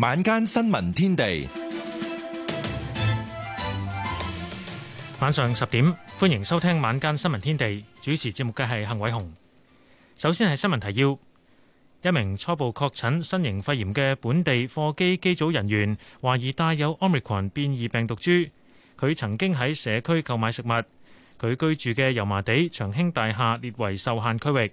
晚間新聞天地，晚上十點歡迎收聽晚間新聞天地。主持節目嘅係幸偉雄。首先係新聞提要：一名初步確診新型肺炎嘅本地貨機機組人員，懷疑帶有 Omicron 變異病毒株。佢曾經喺社區購買食物。佢居住嘅油麻地長興大廈列為受限區域。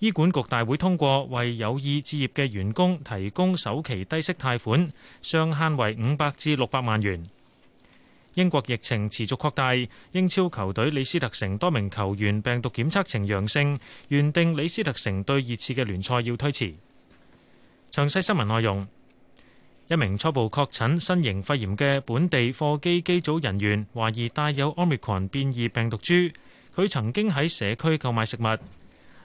醫管局大會通過為有意置業嘅員工提供首期低息貸款，上限為五百至六百萬元。英國疫情持續擴大，英超球隊李斯特城多名球員病毒檢測呈陽性，原定李斯特城對熱刺嘅聯賽要推遲。詳細新聞內容：一名初步確診新型肺炎嘅本地貨機機組人員，懷疑帶有 Omicron 變異病毒株，佢曾經喺社區購買食物。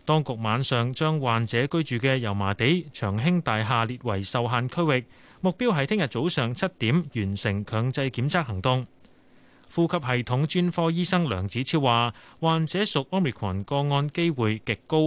當局晚上將患者居住嘅油麻地長興大廈列為受限區域，目標係聽日早上七點完成強制檢測行動。呼吸系統專科醫生梁子超話，患者屬 Omicron 個案機會極高，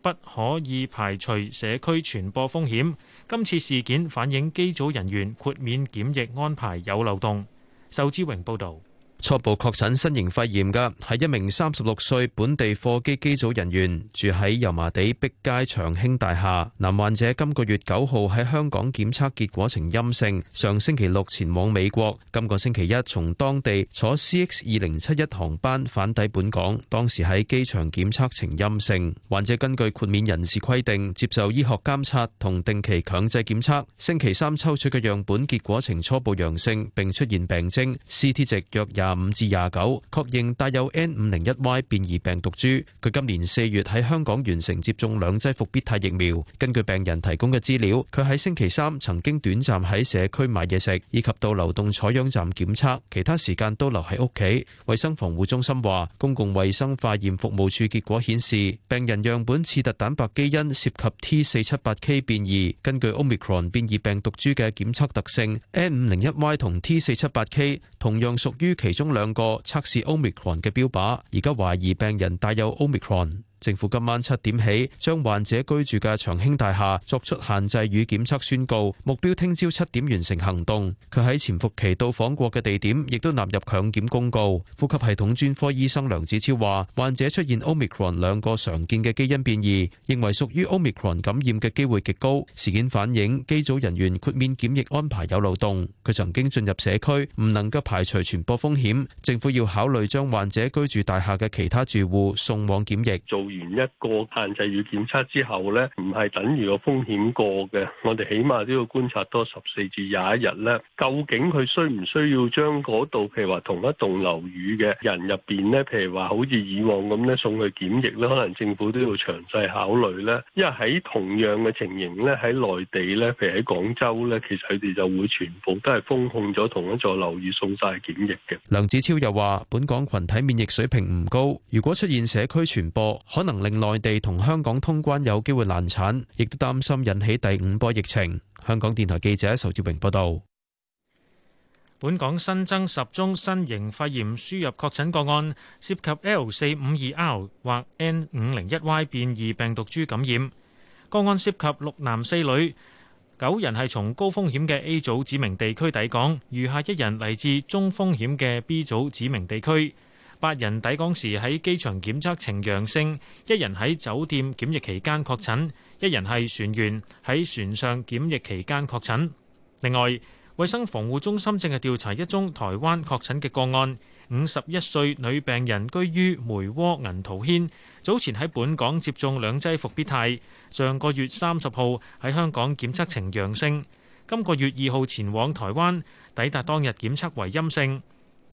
不可以排除社區傳播風險。今次事件反映機組人員豁免檢疫安排有漏洞。仇志榮報導。初步確診新型肺炎嘅，係一名三十六歲本地貨機機組人員，住喺油麻地碧街長興大廈。男患者今個月九號喺香港檢測結果呈陰性，上星期六前往美國，今個星期一從當地坐 CX 二零七一航班返抵本港，當時喺機場檢測呈陰性。患者根據豁免人士規定接受醫學監察同定期強制檢測，星期三抽取嘅樣本結果呈初步陽性，並出現病徵，C T 值約廿五至廿九，確認帶有 N 五零一 Y 變異病毒株。佢今年四月喺香港完成接種兩劑複必泰疫苗。根據病人提供嘅資料，佢喺星期三曾經短暫喺社區買嘢食，以及到流動採樣站檢測，其他時間都留喺屋企。衛生防護中心話，公共衛生化驗服務處結果顯示，病人樣本刺突蛋白基因涉及 T 四七八 K 變異。根據 Omicron 變異病毒株嘅檢測特性，N 五零一 Y 同 T 四七八 K 同樣屬於其其中兩個測試 Omicron 嘅標靶，而家懷疑病人帶有 Omicron。政府今晚七點起，將患者居住嘅長興大廈作出限制與檢測宣告，目標聽朝七點完成行動。佢喺潛伏期到訪過嘅地點，亦都納入強檢公告。呼吸系統專科醫生梁子超話，患者出現 omicron 兩個常見嘅基因變異，認為屬於 omicron 感染嘅機會極高。事件反映機組人員豁免檢疫安排有漏洞。佢曾經進入社區，唔能夠排除傳播風險。政府要考慮將患者居住大廈嘅其他住戶送往檢疫。完一個限制與檢測之後咧，唔係等於個風險過嘅，我哋起碼都要觀察多十四至廿一日咧。究竟佢需唔需要將嗰度，譬如話同一棟樓宇嘅人入邊咧，譬如話好似以往咁咧，送去檢疫咧，可能政府都要詳細考慮咧。因為喺同樣嘅情形咧，喺內地咧，譬如喺廣州咧，其實佢哋就會全部都係封控咗同一座樓宇，送晒去檢疫嘅。梁子超又話：本港群體免疫水平唔高，如果出現社區傳播，可能令內地同香港通關有機會難產，亦都擔心引起第五波疫情。香港電台記者仇志榮報導，本港新增十宗新型肺炎輸入確診個案，涉及 L 四五二 R 或 N 五零一 Y 變異病毒株感染。個案涉及六男四女，九人係從高風險嘅 A 組指明地區抵港，餘下一人嚟自中風險嘅 B 組指明地區。八人抵港時喺機場檢測呈陽性，一人喺酒店檢疫期間確診，一人係船員喺船上檢疫期間確診。另外，衛生防護中心正係調查一宗台灣確診嘅個案，五十一歲女病人居於梅窩銀桃軒，早前喺本港接種兩劑復必泰，上個月三十號喺香港檢測呈陽性，今個月二號前往台灣，抵達當日檢測為陰性。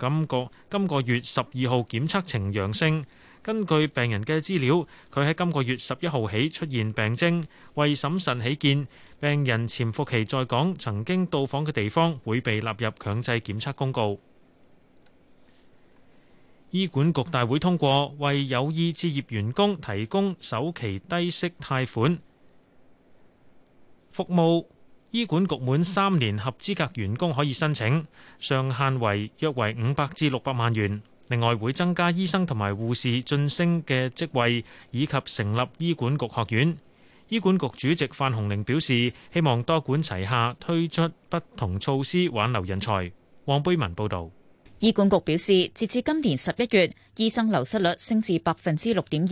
今個，今個月十二號檢測呈陽性，根據病人嘅資料，佢喺今個月十一號起出現病徵。為審慎起見，病人潛伏期在港曾經到訪嘅地方會被納入強制檢測公告。醫管局大會通過為有意置業員工提供首期低息貸款服務。醫管局滿三年合資格員工可以申請，上限為約為五百至六百萬元。另外會增加醫生同埋護士晉升嘅職位，以及成立醫管局學院。醫管局主席范鴻齡表示，希望多管齊下推出不同措施挽留人才。黃貝文報道。醫管局表示，截至今年十一月，醫生流失率升至百分之六點二，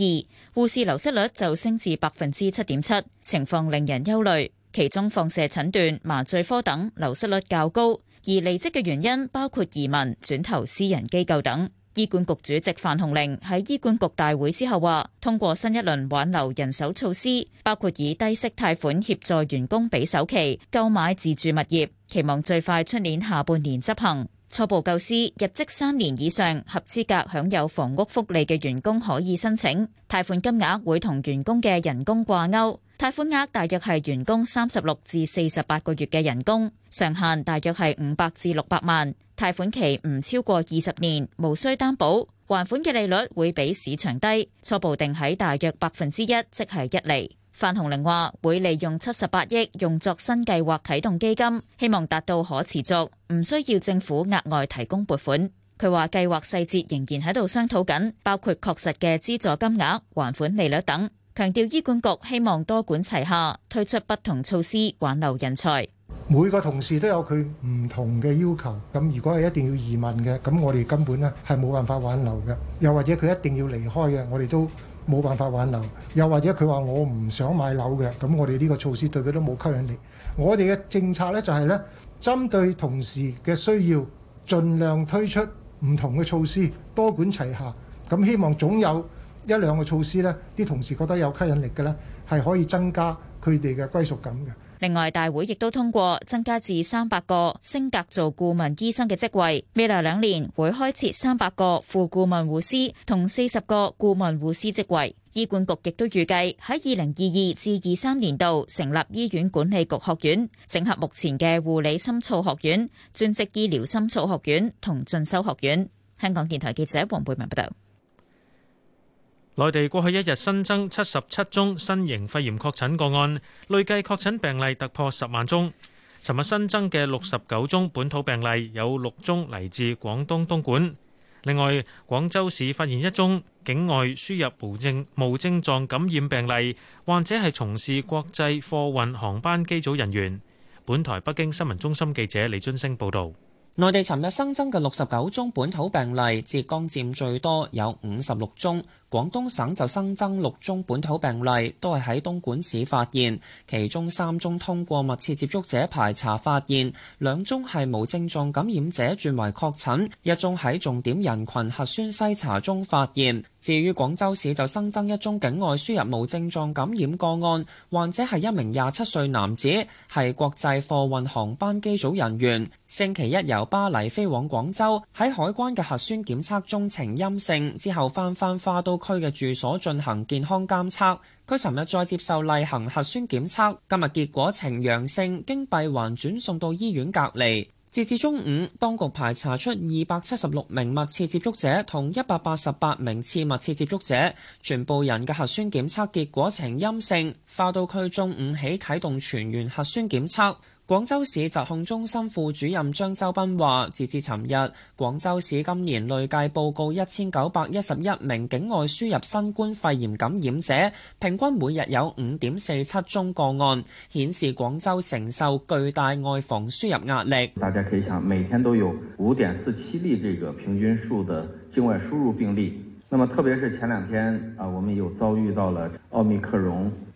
護士流失率就升至百分之七點七，情況令人憂慮。.其中放射診斷、麻醉科等流失率較高，而離職嘅原因包括移民、轉投私人機構等。醫管局主席范鴻齡喺醫管局大會之後話：通過新一輪挽留人手措施，包括以低息貸款協助員工俾首期購買自住物業，期望最快出年下半年執行。初步構思，入職三年以上合資格享有房屋福利嘅員工可以申請，貸款金額會同員工嘅人工掛鈎，貸款額大約係員工三十六至四十八個月嘅人工，上限大約係五百至六百萬，貸款期唔超過二十年，無需擔保，還款嘅利率會比市場低，初步定喺大約百分之一，即係一厘。范鴻齡話：會利用七十八億用作新計劃啟動基金，希望達到可持續，唔需要政府額外提供撥款。佢話計劃細節仍然喺度商討緊，包括確實嘅資助金額、還款利率等。強調醫管局希望多管齊下，推出不同措施挽留人才。每個同事都有佢唔同嘅要求，咁如果係一定要移民嘅，咁我哋根本呢係冇辦法挽留嘅。又或者佢一定要離開嘅，我哋都。冇辦法挽留，又或者佢話我唔想買樓嘅，咁我哋呢個措施對佢都冇吸引力。我哋嘅政策呢就係呢，針對同事嘅需要，盡量推出唔同嘅措施，多管齊下，咁希望總有一兩個措施呢，啲同事覺得有吸引力嘅呢，係可以增加佢哋嘅歸屬感嘅。另外，大會亦都通過增加至三百個升格做顧問醫生嘅職位，未來兩年會開設三百個副顧問護師同四十個顧問護師職位。醫管局亦都預計喺二零二二至二三年度成立醫院管理局學院，整合目前嘅護理深造學院、專職醫療深造學院同進修學院。香港電台記者黃貝文報道。內地過去一日新增七十七宗新型肺炎確診個案，累計確診病例突破十萬宗。尋日新增嘅六十九宗本土病例，有六宗嚟自廣東東莞。另外，廣州市發現一宗境外輸入無症無症狀感染病例，患者係從事國際貨運航班機組人員。本台北京新聞中心記者李津升報道。內地尋日新增嘅六十九宗本土病例，浙江佔最多，有五十六宗。廣東省就新增六宗本土病例，都係喺東莞市發現，其中三宗通過密切接觸者排查發現，兩宗係無症狀感染者轉為確診，一宗喺重點人群核酸篩查中發現。至於廣州市就新增一宗境外輸入無症狀感染個案，患者係一名廿七歲男子，係國際貨運航班機組人員，星期一由巴黎飛往廣州，喺海關嘅核酸檢測中呈陰性，之後翻返花都。區嘅住所進行健康監測，佢尋日再接受例行核酸檢測，今日結果呈陽性，經閉環轉送到醫院隔離。截至中午，當局排查出二百七十六名密切接觸者同一百八十八名次密切接觸者，全部人嘅核酸檢測結果呈陰性。花都區中午起啟動全員核酸檢測。廣州市疾控中心副主任張周斌話，截至尋日，廣州市今年累計報告一千九百一十一名境外輸入新冠肺炎感染者，平均每日有五點四七宗個案，顯示廣州承受巨大外防輸入壓力。大家可以想，每天都有五點四七例這個平均數的境外輸入病例。那麼，特別是前兩天，啊，我們又遭遇到了奧密克戎。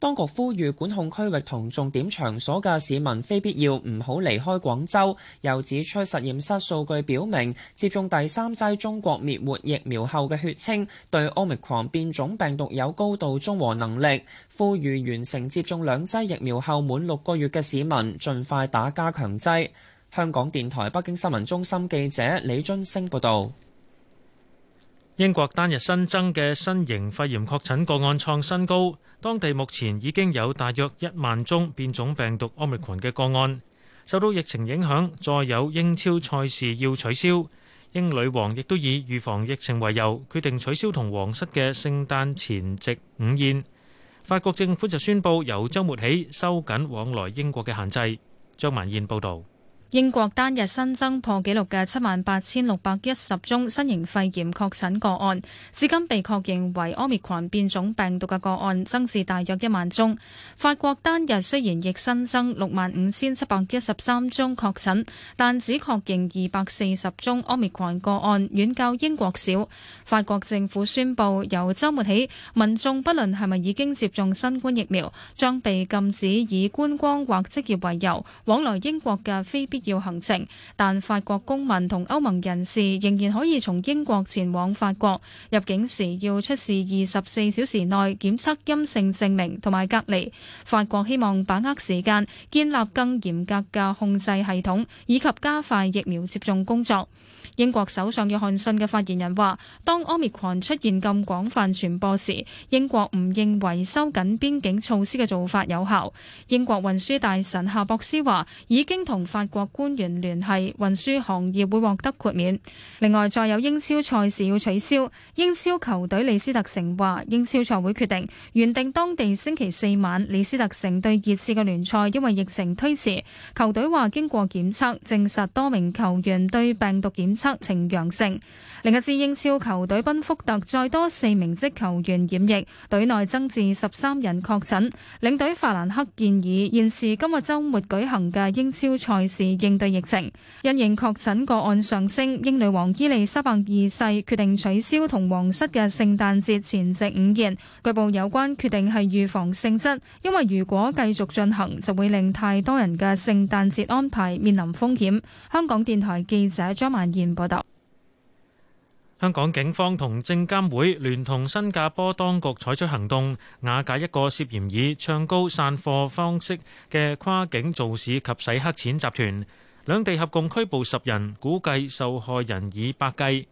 當局呼籲管控區域同重點場所嘅市民非必要唔好離開廣州，又指出實驗室數據表明接種第三劑中國滅活疫苗後嘅血清對奧密克戎變種病毒有高度中和能力，呼籲完成接種兩劑疫苗後滿六個月嘅市民盡快打加強劑。香港電台北京新聞中心記者李津星報道。英國單日新增嘅新型肺炎確診個案創新高，當地目前已經有大約一萬宗變種病毒 Omicron 嘅個案。受到疫情影響，再有英超賽事要取消，英女王亦都以預防疫情為由決定取消同皇室嘅聖誕前夕午宴。法國政府就宣布由週末起收緊往來英國嘅限制。張文燕報導。英國單日新增破紀錄嘅七萬八千六百一十宗新型肺炎確診個案，至今被確認為 Omicron 變種病毒嘅個案增至大約一萬宗。法國單日雖然亦新增六萬五千七百一十三宗確診，但只確認二百四十宗 Omicron 個案，遠較英國少。法國政府宣佈由周末起，民眾不論係咪已經接種新冠疫苗，將被禁止以觀光或職業為由，往來英國嘅非必要行程，但法國公民同歐盟人士仍然可以從英國前往法國，入境時要出示二十四小時內檢測陰性證明同埋隔離。法國希望把握時間，建立更嚴格嘅控制系統，以及加快疫苗接種工作。英國首相約翰遜嘅發言人話：當 Omicron 出現咁廣泛傳播時，英國唔認為收緊邊境措施嘅做法有效。英國運輸大臣夏博斯話：已經同法國官員聯繫，運輸行業會獲得豁免。另外，再有英超賽事要取消。英超球隊李斯特城話：英超賽會決定原定當地星期四晚李斯特城對熱刺嘅聯賽，因為疫情推遲。球隊話經過檢測證實多名球員對病毒檢測。呈陽性。另一支英超球隊賓福特再多四名職球員染疫，隊內增至十三人確診。領隊法蘭克建議現時今個周末舉行嘅英超賽事應對疫情。因應確診個案上升，英女王伊利莎白二世決定取消同皇室嘅聖誕節前夕午宴。據報有關決定係預防性質，因為如果繼續進行，就會令太多人嘅聖誕節安排面臨風險。香港電台記者張曼賢。報道：香港警方同證監會聯同新加坡當局採取行動，瓦解一個涉嫌以唱高散貨方式嘅跨境造市及洗黑錢集團。兩地合共拘捕十人，估計受害人以百計。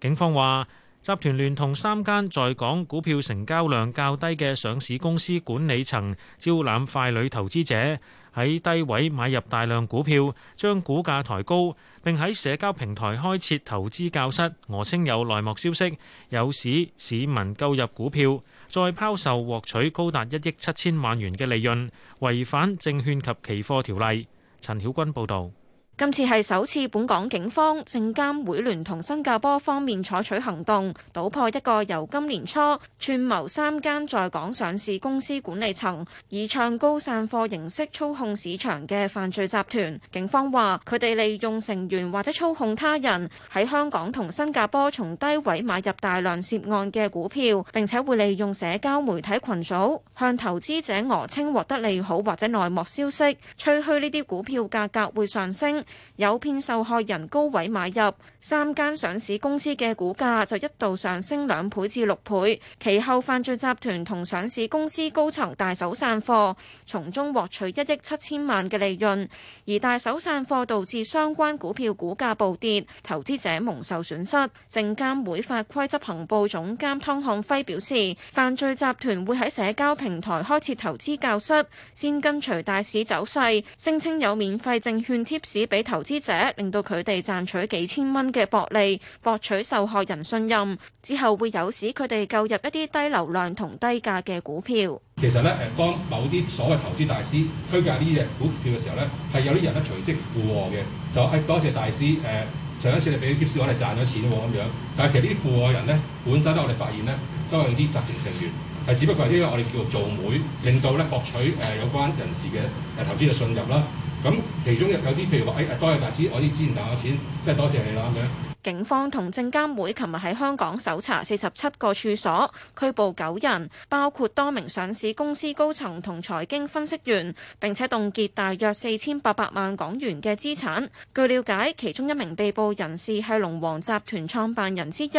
警方話，集團聯同三間在港股票成交量較低嘅上市公司管理層，招攬傀儡投資者。喺低位買入大量股票，將股價抬高，並喺社交平台開設投資教室。訛稱有內幕消息，誘使市,市民購入股票，再拋售獲取高達一億七千萬元嘅利潤，違反證券及期貨條例。陳曉君報道。今次係首次，本港警方證監會聯同新加坡方面採取行動，搗破一個由今年初串謀三間在港上市公司管理層以唱高散貨形式操控市場嘅犯罪集團。警方話，佢哋利用成員或者操控他人喺香港同新加坡從低位買入大量涉案嘅股票，並且會利用社交媒體群組向投資者訛稱獲得利好或者內幕消息，吹嘘呢啲股票價格會上升。有騙受害人高位買入，三間上市公司嘅股價就一度上升兩倍至六倍。其後犯罪集團同上市公司高層大手散貨，從中獲取一億七千萬嘅利潤。而大手散貨導致相關股票股價暴跌，投資者蒙受損失。證監會法規執行部總監湯漢輝表示，犯罪集團會喺社交平台開設投資教室，先跟隨大市走勢，聲稱有免費證券貼士俾投資者令到佢哋賺取幾千蚊嘅薄利，博取受害人信任之後，會誘使佢哋購入一啲低流量同低價嘅股票。其實咧，誒，當某啲所謂投資大師推介呢隻股票嘅時候咧，係有啲人咧隨即附和嘅，就喺、哎、多謝大師，誒、呃，上一次你俾啲貼士我哋賺咗錢喎、哦、咁樣。但係其實呢啲附和人咧，本身咧我哋發現咧，都係啲集團成，成員，係只不過係因為我哋叫做做媒，令到咧博取誒有關人士嘅誒投資嘅信任啦。咁其中有有啲譬如話，誒、哎，多謝大師，我啲之前打嘅錢，真係多謝你啦咁樣。警方同證監會琴日喺香港搜查四十七個處所，拘捕九人，包括多名上市公司高層同財經分析員，並且凍結大約四千八百萬港元嘅資產。據了解，其中一名被捕人士係龍王集團創辦人之一，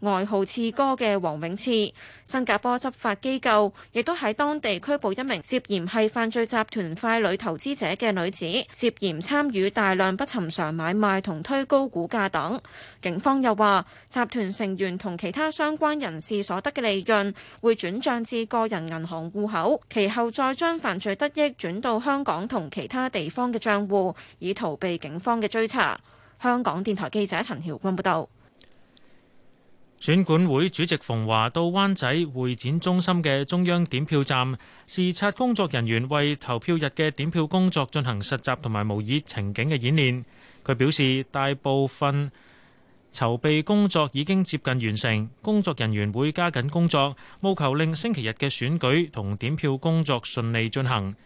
外號刺哥嘅黃永賜。新加坡執法機構亦都喺當地拘捕一名涉嫌係犯罪集團傀儡投資者嘅女子，涉嫌參與大量不尋常買賣同推高股價等。警方又話，集團成員同其他相關人士所得嘅利潤，會轉帳至個人銀行戶口，其後再將犯罪得益轉到香港同其他地方嘅帳戶，以逃避警方嘅追查。香港電台記者陳曉君報道。選管會主席馮華到灣仔會展中心嘅中央點票站視察，工作人員為投票日嘅點票工作進行實習同埋模擬情景嘅演練。佢表示，大部分籌備工作已經接近完成，工作人員會加緊工作，務求令星期日嘅選舉同點票工作順利進行。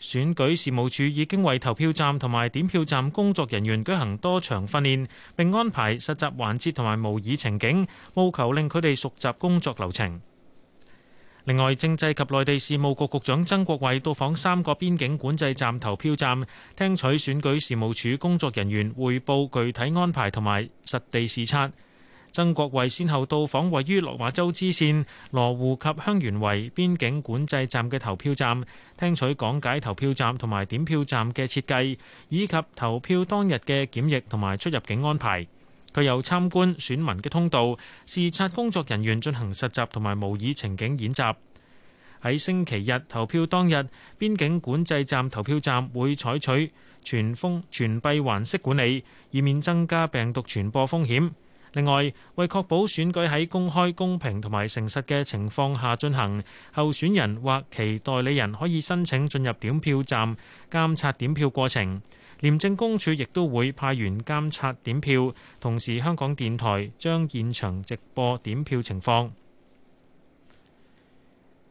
選舉事務處已經為投票站同埋點票站工作人員舉行多場訓練，並安排實習環節同埋模擬情景，務求令佢哋熟習工作流程。另外，政制及內地事務局局長曾國衛到訪三個邊境管制站投票站，聽取選舉事務處工作人員匯報具體安排同埋實地視察。曾國衛先後到訪位於落馬洲支線、羅湖及香園圍邊境管制站嘅投票站，聽取講解投票站同埋點票站嘅設計，以及投票當日嘅檢疫同埋出入境安排。佢又參觀選民嘅通道，視察工作人員進行實習同埋模擬情景演習。喺星期日投票當日，邊境管制站投票站會採取全封全閉環式管理，以免增加病毒傳播風險。另外，為確保選舉喺公開、公平同埋誠實嘅情況下進行，候選人或其代理人可以申請進入點票站監察點票過程。廉政公署亦都會派員監察點票，同時香港電台將現場直播點票情況。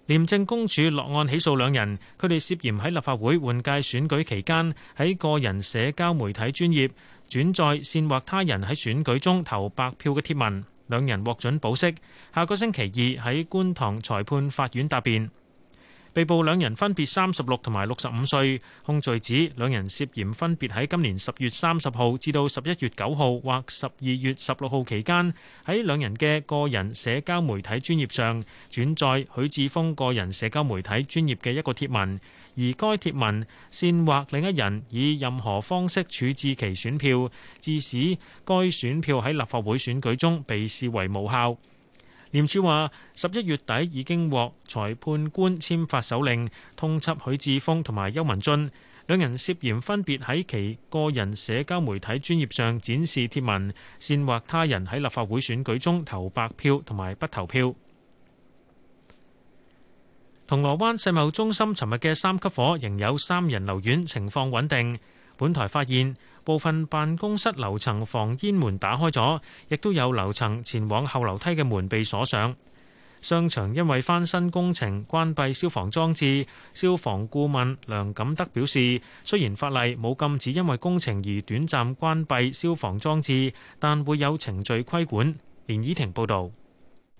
廉政公署落案起訴兩人，佢哋涉嫌喺立法會換屆選舉期間喺個人社交媒體專頁轉載煽惑他人喺選舉中投白票嘅帖文。兩人獲准保釋，下個星期二喺觀塘裁判法院答辯。被捕兩人分別三十六同埋六十五歲，控罪指兩人涉嫌分別喺今年十月三十號至到十一月九號或十二月十六號期間，喺兩人嘅個人社交媒體專頁上轉載許智峰個人社交媒體專頁嘅一個貼文，而該貼文煽惑另一人以任何方式處置其選票，致使該選票喺立法會選舉中被視為無效。廉署話：十一月底已經獲裁判官簽發手令，通緝許智峰同埋邱文俊兩人涉嫌分別喺其個人社交媒體專頁上展示貼文，煽惑他人喺立法會選舉中投白票同埋不投票。銅鑼灣世貿中心尋日嘅三級火，仍有三人留院，情況穩定。本台發現，部分辦公室樓層防煙門打開咗，亦都有樓層前往後樓梯嘅門被鎖上。商場因為翻新工程關閉消防裝置，消防顧問梁錦德表示，雖然法例冇禁止因為工程而短暫關閉消防裝置，但會有程序規管。連以婷報導。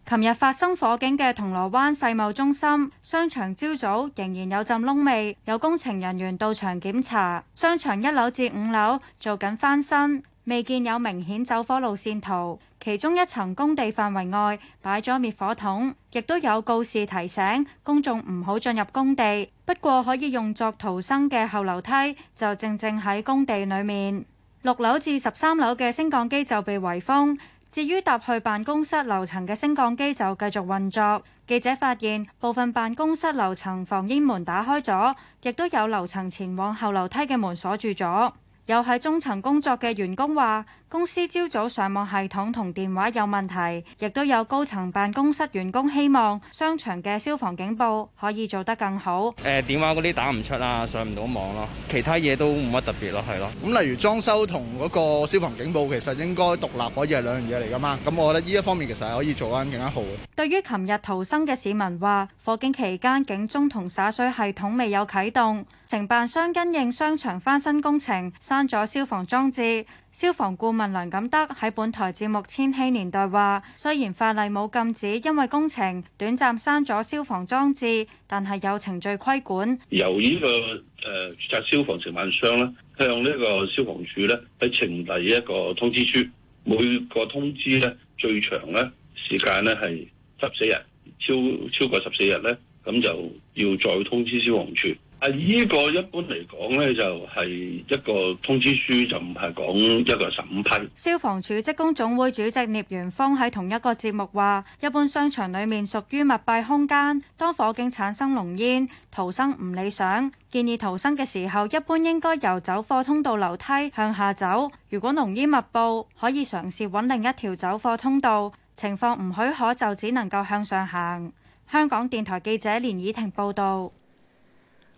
琴日發生火警嘅銅鑼灣世貿中心商場，朝早仍然有陣燶味，有工程人員到場檢查。商場一樓至五樓做緊翻新，未見有明顯走火路線圖。其中一層工地範圍外擺咗滅火筒，亦都有告示提醒公眾唔好進入工地，不過可以用作逃生嘅後樓梯就正正喺工地裡面。六樓至十三樓嘅升降機就被圍封。至於搭去辦公室樓層嘅升降機就繼續運作。記者發現部分辦公室樓層防煙門打開咗，亦都有樓層前往後樓梯嘅門鎖住咗。有喺中層工作嘅員工話。公司朝早上網系統同電話有問題，亦都有高層辦公室員工希望商場嘅消防警報可以做得更好。誒、呃，電話嗰啲打唔出啦，啊，上唔到網咯，其他嘢都冇乜特別咯，係咯。咁，嗯、例如裝修同嗰個消防警報，其實應該獨立，可以係兩樣嘢嚟噶嘛。咁我覺得呢一方面其實係可以做返更加好。對於琴日逃生嘅市民話，火警期間警鐘同灑水系統未有啟動，承辦商跟應商場翻新工程刪咗消防裝置。消防顧問梁錦德喺本台節目《千禧年代》話：雖然法例冇禁止，因為工程短暫刪咗消防裝置，但係有程序規管。由呢、這個誒、註、呃、冊消防承辦商咧，向呢個消防處咧，係呈遞一個通知書。每個通知咧，最長咧時間咧係十四日，超超過十四日咧，咁就要再通知消防處。啊！依個一般嚟講呢就係一個通知書，就唔係講一個審批。消防處職工總會主席聶元峰喺同一個節目話，一般商場裏面屬於密閉空間，當火警產生濃煙，逃生唔理想。建議逃生嘅時候，一般應該由走貨通道樓梯向下走。如果濃煙密佈，可以嘗試揾另一條走貨通道。情況唔許可，就只能夠向上行。香港電台記者連以婷報道。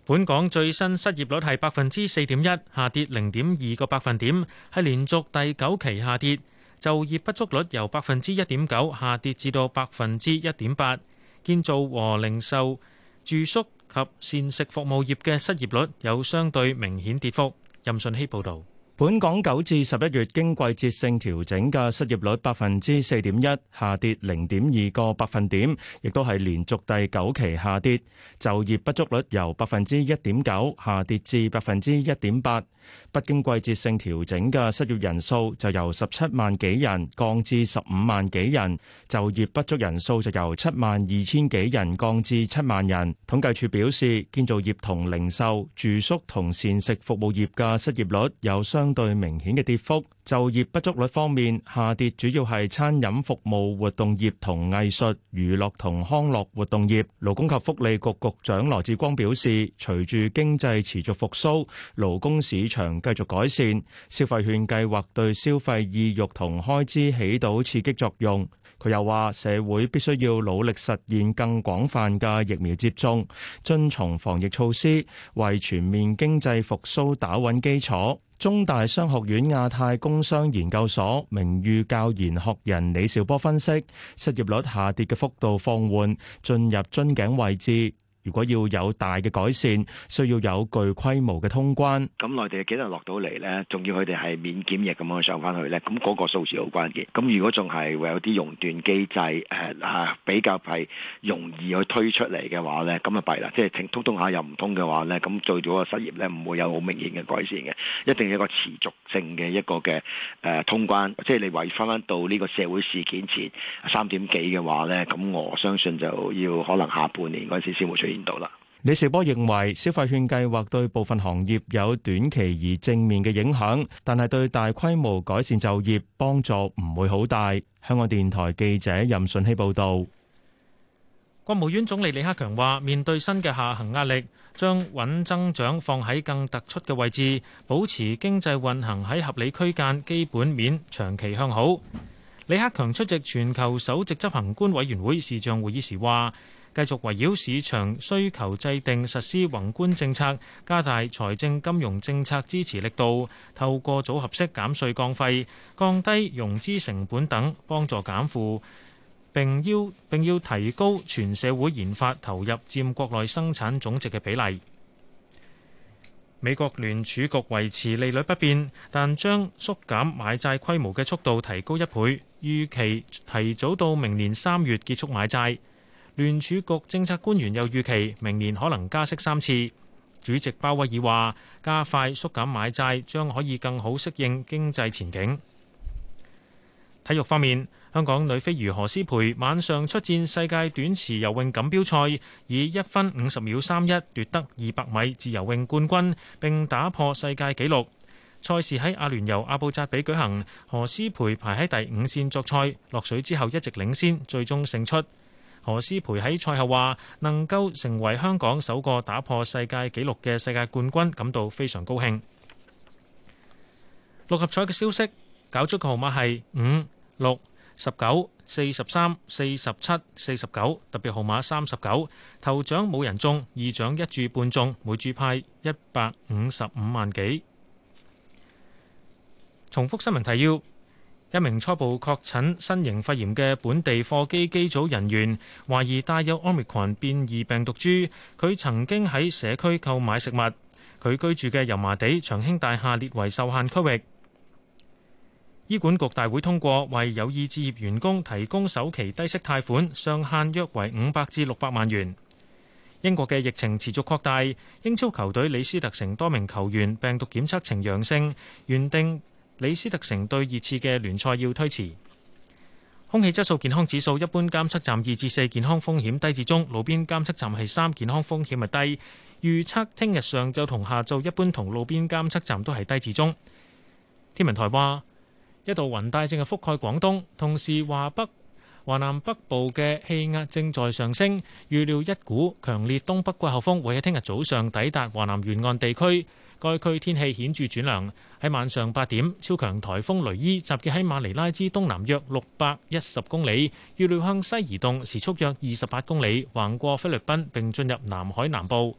本港最新失業率係百分之四點一，下跌零點二個百分點，係連續第九期下跌。就業不足率由百分之一點九下跌至到百分之一點八。建造和零售、住宿及膳食服務業嘅失業率有相對明顯跌幅。任信希報導。本港九至十一月經季節性調整嘅失業率百分之四點一，下跌零點二個百分點，亦都係連續第九期下跌。就業不足率由百分之一點九下跌至百分之一點八。不經季節性調整嘅失業人數就由十七萬幾人降至十五萬幾人，就業不足人數就由七萬二千幾人降至七萬人。統計處表示，建造業同零售、住宿同膳食服務業嘅失業率有相相對明顯嘅跌幅，就業不足率方面下跌，主要係餐飲服務活動業同藝術娛樂同康樂活動業。勞工及福利局局長羅志光表示，隨住經濟持續復蘇，勞工市場繼續改善，消費券計劃對消費意欲同開支起到刺激作用。佢又話，社會必須要努力實現更廣泛嘅疫苗接種，遵從防疫措施，為全面經濟復蘇打穩基礎。中大商學院亞太工商研究所名譽教研學人李兆波分析，失業率下跌嘅幅度放緩，進入樽頸位置。如果要有大嘅改善，需要有具規模嘅通關。咁內地幾多人落到嚟呢？仲要佢哋係免檢疫咁樣上翻去呢？咁嗰個數字好關鍵。咁如果仲係會有啲熔斷機制，誒比較係容易去推出嚟嘅話呢，咁啊弊啦！即係通通下又唔通嘅話呢，咁最早嘅失業呢，唔會有好明顯嘅改善嘅，一定要一個持續性嘅一個嘅誒通關。即係你話翻翻到呢個社會事件前三點幾嘅話呢，咁我相信就要可能下半年嗰陣時先會出現。見到啦。李兆波認為消費券計劃對部分行業有短期而正面嘅影響，但係對大規模改善就業幫助唔會好大。香港電台記者任順希報道。國務院總理李克強話：面對新嘅下行壓力，將穩增長放喺更突出嘅位置，保持經濟運行喺合理區間，基本面長期向好。李克強出席全球首席執行官委員會視像會議時話。繼續圍繞市場需求制定實施宏觀政策，加大財政金融政策支持力度，透過組合式減稅降費、降低融資成本等，幫助減負。並要並要提高全社會研發投入佔國內生產總值嘅比例。美國聯儲局維持利率不變，但將縮減買債規模嘅速度提高一倍，預期提早到明年三月結束買債。聯儲局政策官員又預期明年可能加息三次。主席鮑威爾話：加快縮減買債，將可以更好適應經濟前景。體育方面，香港女飛魚何詩蓓晚上出戰世界短池游泳錦標賽，以一分五十秒三一奪得二百米自由泳冠軍，並打破世界紀錄。賽事喺阿聯酋阿布扎比舉行，何詩蓓排喺第五綫作賽，落水之後一直領先，最終勝出。何思培喺賽後話，能夠成為香港首個打破世界紀錄嘅世界冠軍，感到非常高興。六合彩嘅消息，搞出嘅號碼係五、六、十九、四十三、四十七、四十九，特別號碼三十九。頭獎冇人中，二獎一注半中，每注派一百五十五萬幾。重複新聞提要。一名初步確診新型肺炎嘅本地貨機機組人員，懷疑帶有奧密克戎變異病毒株，佢曾經喺社區購買食物。佢居住嘅油麻地長興大廈列為受限區域。醫管局大會通過為有意置業員工提供首期低息貸款，上限約為五百至六百萬元。英國嘅疫情持續擴大，英超球隊李斯特城多名球員病毒檢測呈陽性，原定李斯特城對熱刺嘅聯賽要推遲。空氣質素健康指數，一般監測站二至四，健康風險低至中，路邊監測站係三，健康風險係低。預測聽日上晝同下晝一般同路邊監測站都係低至中。天文台話，一度雲帶正係覆蓋廣東，同時華北、華南北部嘅氣壓正在上升。預料一股強烈東北季候風會喺聽日早上抵達華南沿岸地區。該區天氣顯著轉涼。喺晚上八點，超強颱風雷伊集結喺馬尼拉之東南約六百一十公里，預料向西移動，時速約二十八公里，橫過菲律賓並進入南海南部。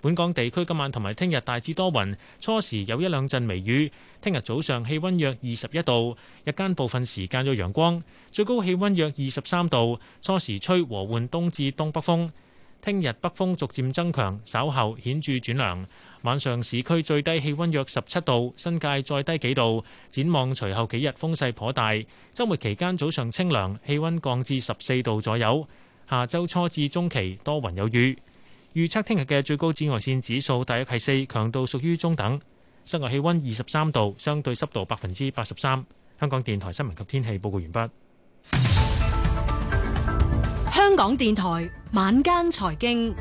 本港地區今晚同埋聽日大致多雲，初時有一兩陣微雨。聽日早上氣温約二十一度，日間部分時間有陽光，最高氣温約二十三度。初時吹和緩東至東北風。聽日北風逐漸增強，稍後顯著轉涼。晚上市區最低氣温約十七度，新界再低幾度。展望隨後幾日風勢頗大，周末期間早上清涼，氣温降至十四度左右。下周初至中期多雲有雨。預測聽日嘅最高紫外線指數大約係四，強度屬於中等。室外氣温二十三度，相對濕度百分之八十三。香港電台新聞及天氣報告完畢。香港電台晚間財經，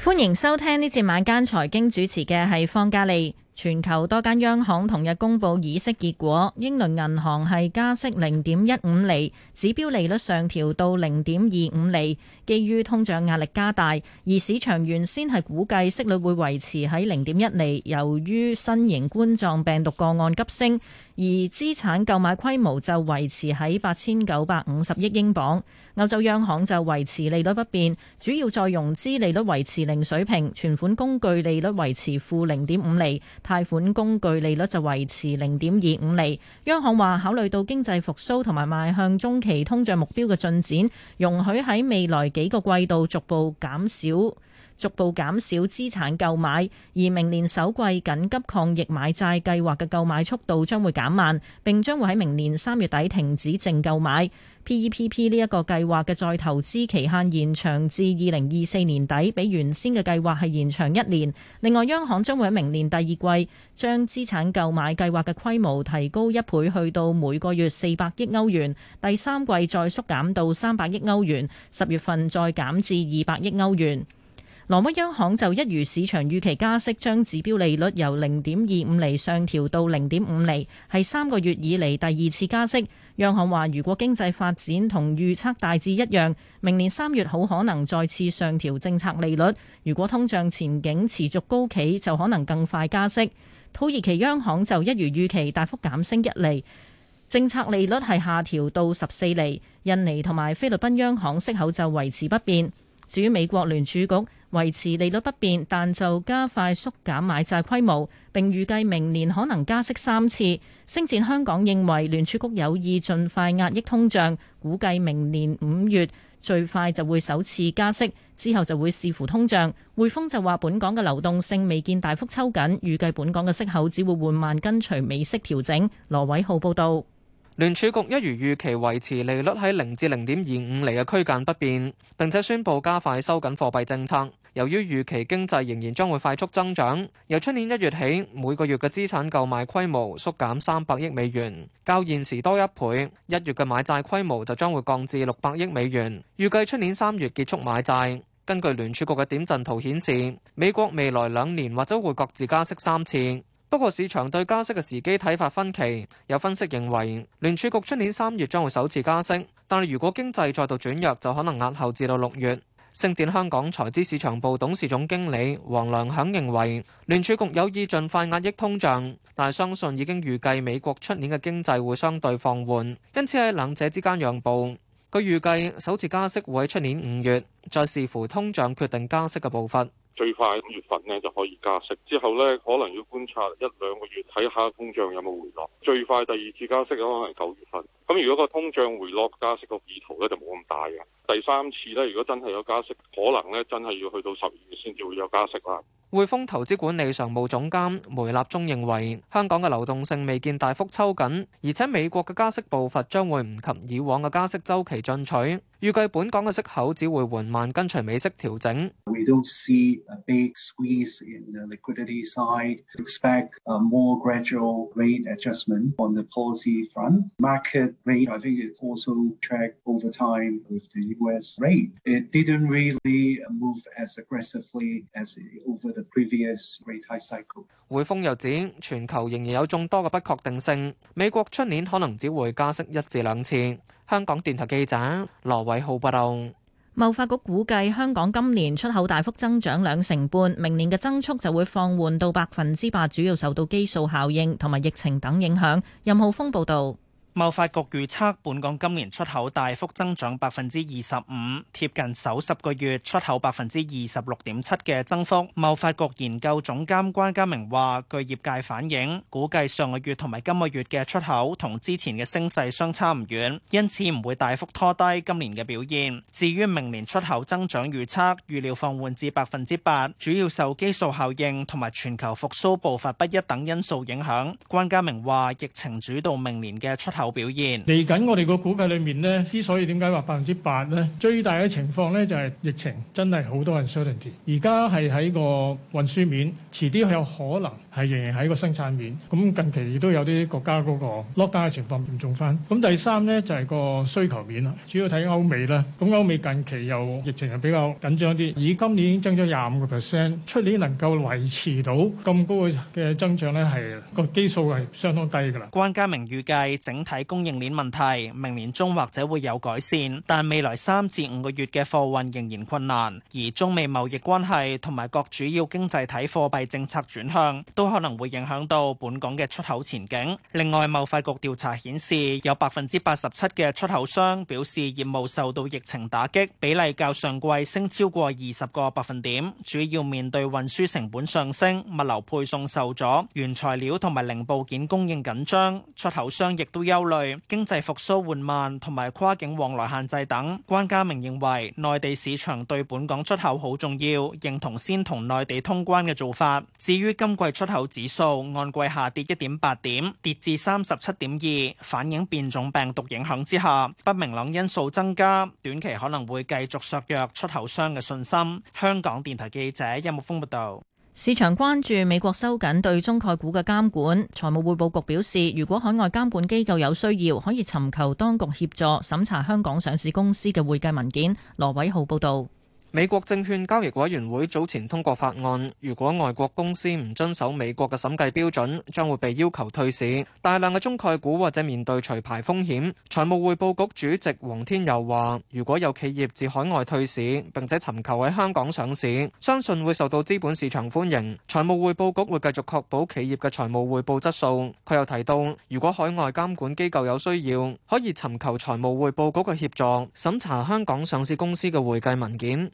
歡迎收聽呢節晚間財經，主持嘅係方嘉利。全球多間央行同日公布議息結果，英倫銀行係加息零點一五厘，指標利率上調到零點二五厘。基於通脹壓力加大，而市場原先係估計息率會維持喺零點一厘。由於新型冠狀病毒個案急升，而資產購買規模就維持喺八千九百五十億英鎊。歐洲央行就維持利率不變，主要再融資利率維持零水平，存款工具利率維持負零點五厘，貸款工具利率就維持零點二五厘。央行話考慮到經濟復甦同埋邁向中期通脹目標嘅進展，容許喺未來幾個季度逐步減少。逐步減少資產購買，而明年首季緊急抗疫買債計劃嘅購買速度將會減慢，並將會喺明年三月底停止淨購買。PEPP 呢一個計劃嘅再投資期限延長至二零二四年底，比原先嘅計劃係延長一年。另外，央行將會喺明年第二季將資產購買計劃嘅規模提高一倍，去到每個月四百億歐元；第三季再縮減到三百億歐元，十月份再減至二百億歐元。挪威央行就一如市場預期加息，將指標利率由零點二五厘上調到零點五厘，係三個月以嚟第二次加息。央行話，如果經濟發展同預測大致一樣，明年三月好可能再次上調政策利率。如果通脹前景持續高企，就可能更快加息。土耳其央行就一如預期大幅減升一厘，政策利率係下調到十四厘，印尼同埋菲律賓央行息口就維持不變。至於美國聯儲局，維持利率不變，但就加快縮減買債規模，並預計明年可能加息三次。星展香港認為聯儲局有意盡快壓抑通脹，估計明年五月最快就會首次加息，之後就會視乎通脹。匯豐就話本港嘅流動性未見大幅抽緊，預計本港嘅息口只會緩慢跟隨美息調整。羅偉浩報道。聯儲局一如預期維持利率喺零至零點二五厘嘅區間不變，並且宣佈加快收緊貨幣政策。由於預期經濟仍然將會快速增長，由出年一月起每個月嘅資產購買規模縮減三百億美元，較現時多一倍。一月嘅買債規模就將會降至六百億美元，預計出年三月結束買債。根據聯儲局嘅點陣圖顯示，美國未來兩年或者會各自加息三次。不過市場對加息嘅時機睇法分歧，有分析認為聯儲局出年三月將會首次加息，但係如果經濟再度轉弱，就可能押後至到六月。星展香港財資市場部董事總經理黃良享認為，聯儲局有意盡快壓抑通脹，但係相信已經預計美國出年嘅經濟會相對放緩，因此喺兩者之間讓步。佢預計首次加息會喺出年五月，再視乎通脹決定加息嘅步伐。最快五月份呢就可以加息，之後呢可能要觀察一兩個月，睇下通脹有冇回落。最快第二次加息可能係九月份。咁如果個通脹回落，加息個意圖咧就冇咁大嘅。第三次咧，如果真係有加息，可能咧真係要去到十二月先至會有加息啦。匯豐投資管理常務總監梅立忠認為，香港嘅流動性未見大幅抽緊，而且美國嘅加息步伐將會唔及以往嘅加息周期進取，預計本港嘅息口只會緩慢跟隨美息調整。We don't see a big squeeze in the liquidity side. Expect a more gradual rate adjustment on the policy front. Market 我諗，匯豐又指，全球仍然有眾多嘅不確定性。美國出年可能只會加息一至兩次。香港電台記者羅偉浩報道。貿發局估計，香港今年出口大幅增長兩成半，明年嘅增速就會放緩到百分之八，主要受到基數效應同埋疫情等影響。任浩峰報道。貿發局預測，本港今年出口大幅增長百分之二十五，貼近首十個月出口百分之二十六點七嘅增幅。貿發局研究總監關家明話：據業界反映，估計上個月同埋今個月嘅出口同之前嘅升勢相差唔遠，因此唔會大幅拖低今年嘅表現。至於明年出口增長預測，預料放緩至百分之八，主要受基數效應同埋全球復蘇步伐不一等因素影響。關家明話：疫情主導明年嘅出口。有表現嚟緊，我哋個估計裏面咧，之所以點解話百分之八咧，最大嘅情況咧就係疫情真係好多人 uncertainty。而家係喺個運輸面，遲啲有可能係仍然喺個生產面。咁近期亦都有啲國家嗰個 lockdown 嘅情況嚴重翻。咁第三咧就係、是、個需求面啦，主要睇歐美啦。咁歐美近期又疫情又比較緊張啲，以今年已經增咗廿五個 percent，出年能夠維持到咁高嘅嘅增長咧，係個基數係相當低㗎啦。關家明預計整體。喺供應鏈問題，明年中或者會有改善，但未來三至五個月嘅貨運仍然困難。而中美貿易關係同埋各主要經濟體貨幣政策轉向，都可能會影響到本港嘅出口前景。另外，貿發局調查顯示，有百分之八十七嘅出口商表示業務受到疫情打擊，比例較上季升超過二十個百分點。主要面對運輸成本上升、物流配送受阻、原材料同埋零部件供應緊張，出口商亦都憂類經濟復蘇緩慢，同埋跨境往來限制等。關家明認為內地市場對本港出口好重要，認同先同內地通關嘅做法。至於今季出口指數按季下跌一點八點，跌至三十七點二，反映變種病毒影響之下不明朗因素增加，短期可能會繼續削弱出口商嘅信心。香港電台記者任木峰報道。市場關注美國收緊對中概股嘅監管。財務匯報局表示，如果海外監管機構有需要，可以尋求當局協助審查香港上市公司嘅會計文件。羅偉浩報道。美國證券交易委員會早前通過法案，如果外國公司唔遵守美國嘅審計標準將會被要求退市。大量嘅中概股或者面對除牌風險，財務匯報局主席黃天佑話，如果有企業自海外退市並且尋求喺香港上市，相信會受到資本市場歡迎。財務匯報局會繼續確保企業嘅財務匯報質素。佢又提到，如果海外監管機構有需要，可以尋求財務匯報局嘅協助審查香港上市公司嘅會計文件。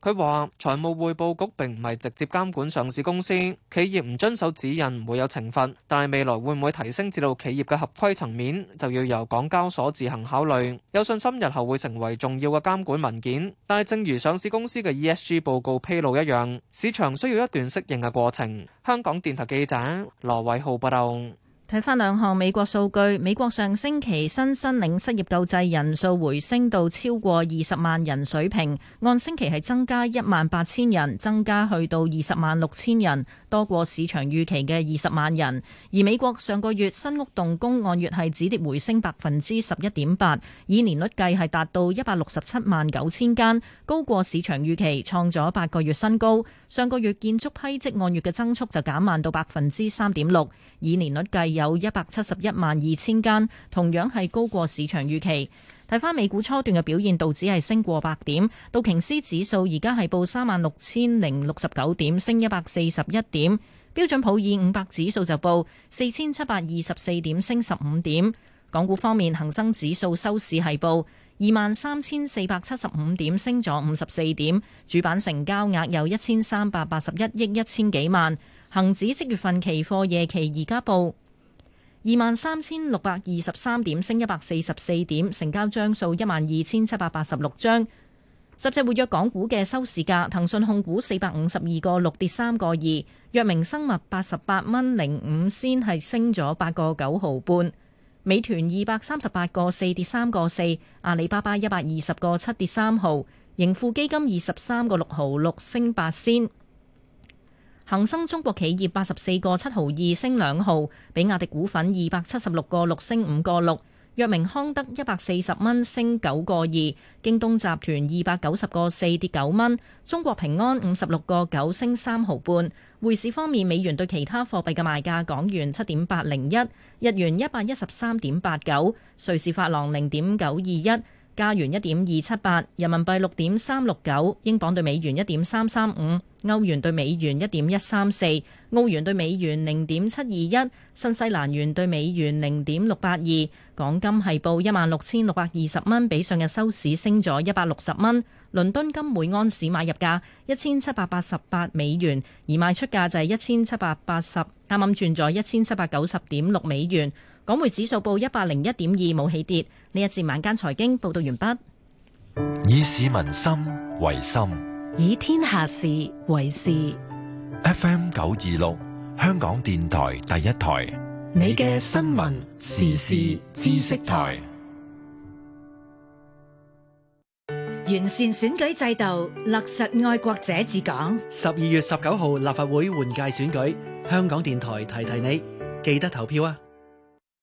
佢話：財務匯報局並唔係直接監管上市公司，企業唔遵守指引唔會有懲罰，但係未來會唔會提升至到企業嘅合規層面，就要由港交所自行考慮。有信心日後會成為重要嘅監管文件，但係正如上市公司嘅 ESG 報告披露一樣，市場需要一段適應嘅過程。香港電台記者羅偉浩報道。睇返兩項美國數據，美國上星期新申領失業救濟人數回升到超過二十萬人水平，按星期係增加一萬八千人，增加去到二十萬六千人，多過市場預期嘅二十萬人。而美國上個月新屋動工按月係止跌回升百分之十一點八，以年率計係達到一百六十七萬九千間，高過市場預期，創咗八個月新高。上個月建築批積按月嘅增速就減慢到百分之三點六，以年率計，有一百七十一萬二千間，同樣係高過市場預期。睇翻美股初段嘅表現，度只係升過百點，道瓊斯指數而家係報三萬六千零六十九點，升一百四十一點。標準普爾五百指數就報四千七百二十四點，升十五點。港股方面，恒生指數收市係報二萬三千四百七十五點，升咗五十四點。主板成交額有一千三百八十一億一千幾萬。恒指即月份期貨夜期而家報。二萬三千六百二十三點，升一百四十四點，成交張數一萬二千七百八十六張。十隻活躍港股嘅收市價，騰訊控股四百五十二個六跌三個二，藥明生物八十八蚊零五仙係升咗八個九毫半，美團二百三十八個四跌三個四，阿里巴巴一百二十個七跌三毫，盈富基金二十三個六毫六升八仙。恒生中國企業八十四個七毫二升兩毫，比亞迪股份二百七十六個六升五個六，藥明康德一百四十蚊升九個二，京東集團二百九十個四跌九蚊，中國平安五十六個九升三毫半。匯市方面，美元對其他貨幣嘅賣價，港元七點八零一，日元一百一十三點八九，瑞士法郎零點九二一。加元一點二七八，8, 人民幣六點三六九，英鎊對美元一點三三五，歐元對美元一點一三四，澳元對美元零點七二一，新西蘭元對美元零點六八二。港金係報一萬六千六百二十蚊，比上日收市升咗一百六十蚊。倫敦金每安士買入價一千七百八十八美元，而賣出價就係一千七百八十，啱啱轉咗一千七百九十點六美元。港匯指數報一百零一點二，冇起跌。呢一節晚間財經報道完畢。以市民心為心，以天下事為事。FM 九二六，香港電台第一台，你嘅新聞時事知識台。完善選舉制度，落實愛國者治港。十二月十九號立法會換屆選舉，香港電台提提你，記得投票啊！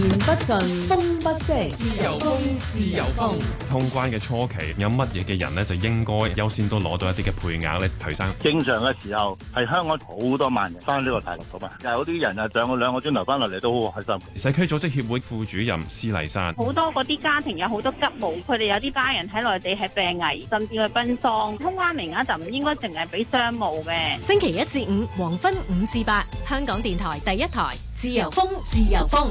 言不盡，風不息，自由風，自由風。通關嘅初期有乜嘢嘅人呢？就應該優先都攞到一啲嘅配額嚟提升。正常嘅時候係香港好多萬人翻呢個大陸噶嘛，但係有啲人啊上兩個鐘頭翻落嚟都好開心。社區組織協會副主任施麗珊，好多嗰啲家庭有好多急務，佢哋有啲家人喺內地係病危，甚至去奔喪。通關名額就唔應該淨係俾商務嘅。星期一至五黃昏五至八，香港電台第一台，自由風，自由風。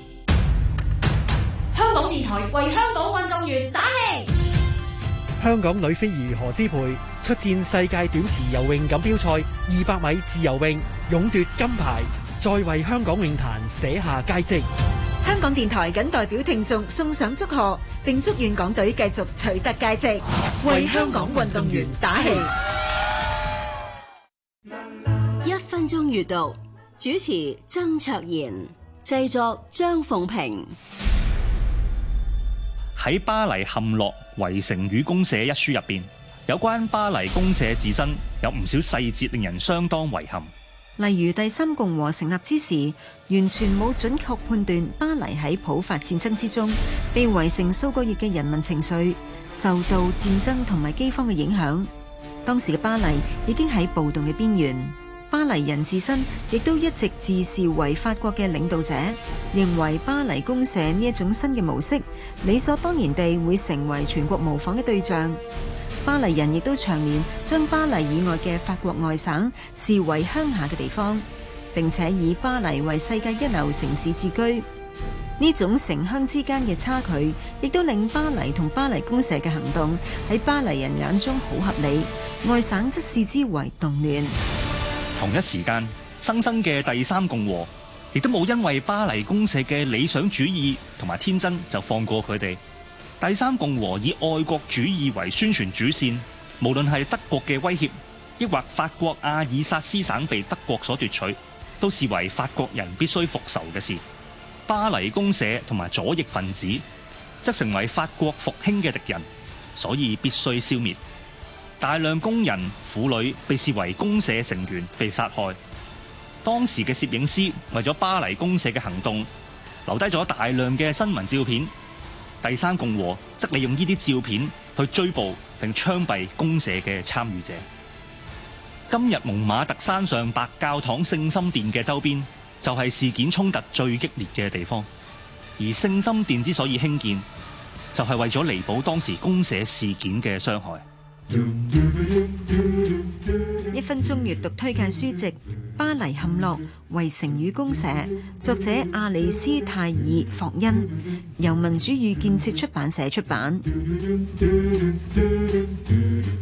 香港電台為香港運動員打氣。香港女飛魚何詩蓓出戰世界短池游泳錦標賽二百米自由泳，勇奪金牌，再為香港泳壇寫下佳績。香港電台僅代表聽眾送上祝賀，並祝願港隊繼續取得佳績，為香港運動員打氣。打氣一分鐘閱讀，主持曾卓賢，製作張鳳平。喺巴黎陷落、圍城與公社一書入邊，有關巴黎公社自身有唔少細節令人相當遺憾，例如第三共和成立之時，完全冇準確判斷巴黎喺普法戰爭之中被圍城數個月嘅人民情緒受到戰爭同埋饑荒嘅影響，當時嘅巴黎已經喺暴動嘅邊緣。巴黎人自身亦都一直自視為法國嘅領導者，認為巴黎公社呢一種新嘅模式理所當然地會成為全國模仿嘅對象。巴黎人亦都長年將巴黎以外嘅法國外省視為鄉下嘅地方，並且以巴黎為世界一流城市自居。呢種城鄉之間嘅差距，亦都令巴黎同巴黎公社嘅行動喺巴黎人眼中好合理，外省則視之為動亂。同一時間，新生嘅第三共和亦都冇因為巴黎公社嘅理想主義同埋天真就放過佢哋。第三共和以愛國主義為宣傳主線，無論係德國嘅威脅，抑或法國阿爾薩斯省被德國所奪取，都視為法國人必須復仇嘅事。巴黎公社同埋左翼分子則成為法國復興嘅敵人，所以必須消滅。大量工人婦女被視為公社成員被殺害。當時嘅攝影師為咗巴黎公社嘅行動留低咗大量嘅新聞照片。第三共和則利用呢啲照片去追捕並槍斃公社嘅參與者。今日蒙馬特山上白教堂聖心殿嘅周邊就係事件衝突最激烈嘅地方。而聖心殿之所以興建，就係為咗彌補當時公社事件嘅傷害。 一分鐘閱讀推介書籍《巴黎陷落：圍城與公社》，作者阿里斯泰爾霍恩，由民主與建設出版社出版。